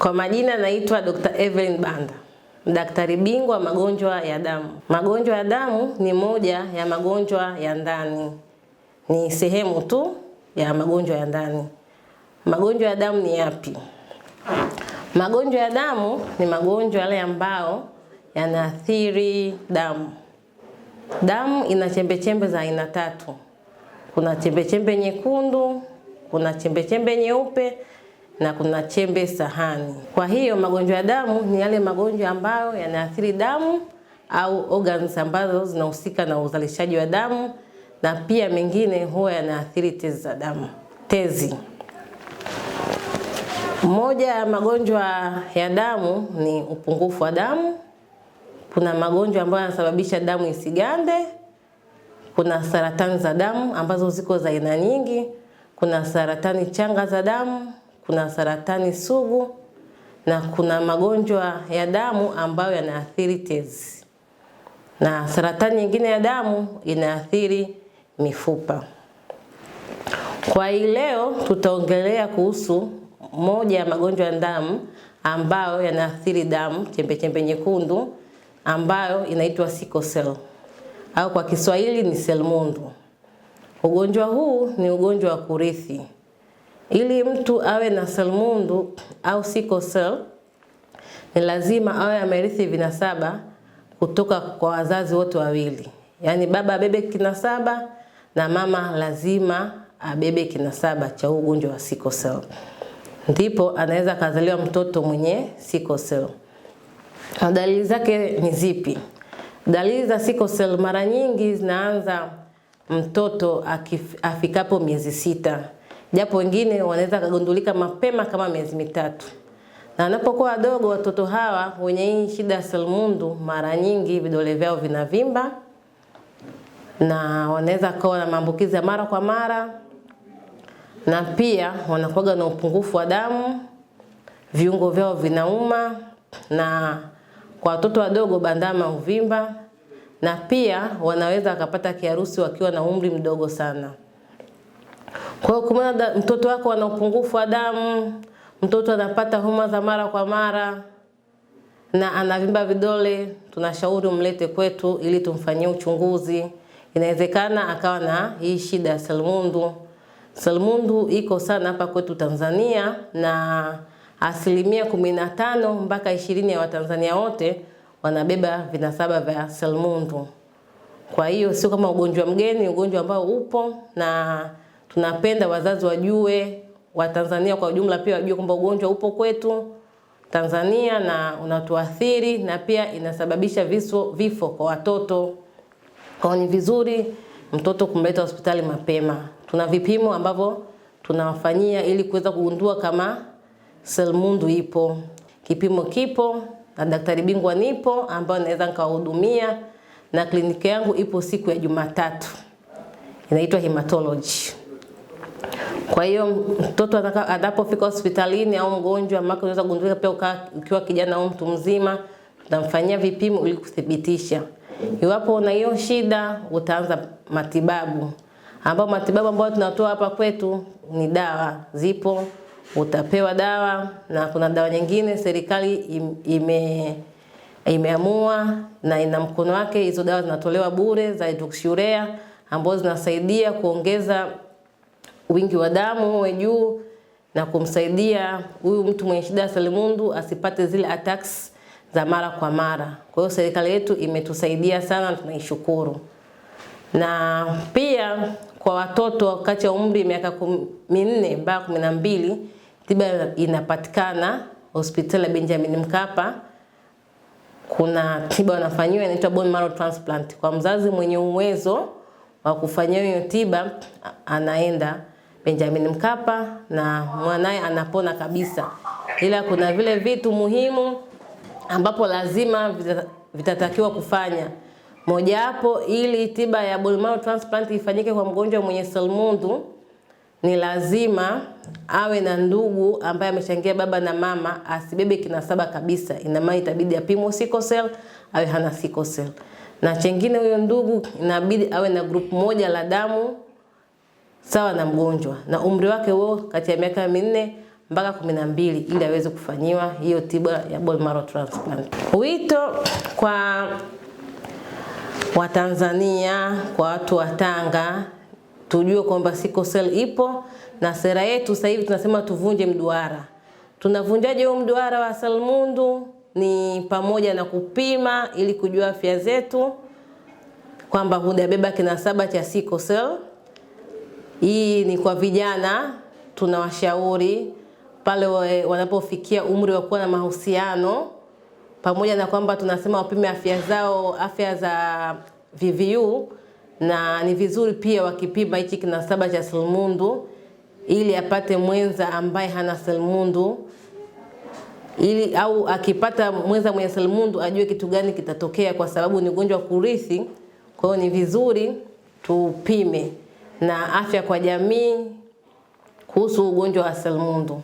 Kwa majina naitwa Dr. Evelyn Banda, daktari bingwa magonjwa ya damu. Magonjwa ya damu ni moja ya magonjwa ya ndani, ni sehemu tu ya magonjwa ya ndani. Magonjwa ya damu ni yapi? Magonjwa ya damu ni magonjwa yale ambayo yanaathiri damu. Damu ina chembe chembe za aina tatu, kuna chembechembe nyekundu, kuna chembe chembe nyeupe na kuna chembe sahani. Kwa hiyo magonjwa ya damu ni yale magonjwa ambayo yanaathiri damu au organs ambazo zinahusika na uzalishaji wa damu, na pia mengine huwa yanaathiri tezi za damu. Tezi, moja ya magonjwa ya damu ni upungufu wa damu. Kuna magonjwa ambayo yanasababisha damu isigande. Kuna saratani za damu ambazo ziko za aina nyingi. Kuna saratani changa za damu kuna saratani sugu na kuna magonjwa ya damu ambayo yanaathiri tezi, na saratani nyingine ya damu inaathiri mifupa. Kwa hii leo tutaongelea kuhusu moja ya magonjwa ya damu ambayo yanaathiri damu, chembechembe nyekundu ambayo inaitwa sickle cell au kwa Kiswahili ni selmundu Ugonjwa huu ni ugonjwa wa kurithi ili mtu awe na selmundu au sickle cell ni lazima awe amerithi vinasaba kutoka kwa wazazi wote wawili, yaani baba abebe kinasaba na mama lazima abebe kinasaba cha ugonjwa wa sickle cell, ndipo anaweza akazaliwa mtoto mwenye sickle cell. Dalili zake ni zipi? Dalili za sickle cell mara nyingi zinaanza mtoto afikapo miezi sita japo wengine wanaweza kagundulika mapema kama miezi mitatu. Na wanapokuwa wadogo, watoto hawa wenye hii shida ya selimundu, mara nyingi vidole vyao vinavimba na wanaweza kuwa na maambukizi ya mara kwa mara, na pia wanakuwa na upungufu wa damu, viungo vyao vinauma, na kwa watoto wadogo bandama uvimba na pia wanaweza wakapata kiharusi wakiwa na umri mdogo sana. Kwa hiyo kumwona mtoto wako ana upungufu wa damu, mtoto anapata homa za mara kwa mara na anavimba vidole, tunashauri umlete kwetu ili tumfanyie uchunguzi. Inawezekana akawa na hii shida ya selimundu. Selimundu iko sana hapa kwetu Tanzania na asilimia kumi na tano mpaka ishirini ya Watanzania wote wanabeba vinasaba vya selimundu. Kwa hiyo sio kama ugonjwa mgeni, ugonjwa ambao upo na Tunapenda wazazi wajue, Watanzania kwa ujumla pia wajue kwamba ugonjwa upo kwetu Tanzania na unatuathiri na pia inasababisha viso, vifo kwa watoto. Kwa ni vizuri mtoto kumleta hospitali mapema. Tuna vipimo ambavyo tunawafanyia ili kuweza kugundua kama selmundu ipo. Kipimo kipo na daktari bingwa nipo ambayo naweza nikawahudumia na kliniki yangu ipo siku ya Jumatatu. Inaitwa hematology. Kwa hiyo mtoto atakapofika hospitalini au mgonjwa, maana unaweza kugundulika pia ukiwa kijana au mtu mzima, tutamfanyia vipimo ili kuthibitisha iwapo una hiyo shida. Utaanza matibabu ambao matibabu ambayo tunatoa hapa kwetu ni dawa, zipo utapewa dawa na kuna dawa nyingine serikali ime imeamua na ina mkono wake. Hizo dawa zinatolewa bure za hydroxyurea ambazo zinasaidia kuongeza wingi wa damu uwe juu na kumsaidia huyu mtu mwenye shida ya selimundu asipate zile attacks za mara kwa mara. Kwa hiyo serikali yetu imetusaidia sana, tunaishukuru. Na pia kwa watoto kati ya umri wa miaka minne mpaka kumi na mbili tiba inapatikana hospitali ya Benjamin Mkapa. Kuna tiba wanafanyiwa inaitwa bone marrow transplant. Kwa mzazi mwenye uwezo wa kufanya hiyo tiba anaenda Benjamin Mkapa na mwanaye anapona kabisa, ila kuna vile vitu muhimu ambapo lazima vitatakiwa kufanya. Mojawapo, ili tiba ya bone marrow transplant ifanyike kwa mgonjwa mwenye selmundu ni lazima awe na ndugu ambaye amechangia baba na mama, asibebe kinasaba kabisa. Ina maana itabidi apimwe sickle cell, awe hana sickle cell, na chengine huyo ndugu inabidi awe na grupu moja la damu sawa na mgonjwa na umri wake huo kati ya miaka minne mpaka kumi na mbili ili aweze kufanyiwa hiyo tiba ya bone marrow transplant. Wito kwa Watanzania, kwa watu wa Tanga, tujue kwamba sickle cell ipo na sera yetu sasa hivi tunasema tuvunje mduara. Tunavunjaje huu mduara wa salmundu? Ni pamoja na kupima ili kujua afya zetu kwamba hujabeba kinasaba cha sickle cell hii ni kwa vijana, tunawashauri pale wanapofikia umri wa kuwa na mahusiano, pamoja na kwamba tunasema wapime afya zao, afya za VVU, na ni vizuri pia wakipima hichi kinasaba cha selimundu ili apate mwenza ambaye hana selimundu ili au akipata mwenza mwenye selimundu ajue kitu gani kitatokea, kwa sababu ni ugonjwa wa kurithi. Kwa hiyo ni vizuri tupime na afya kwa jamii kuhusu ugonjwa wa Selimundu.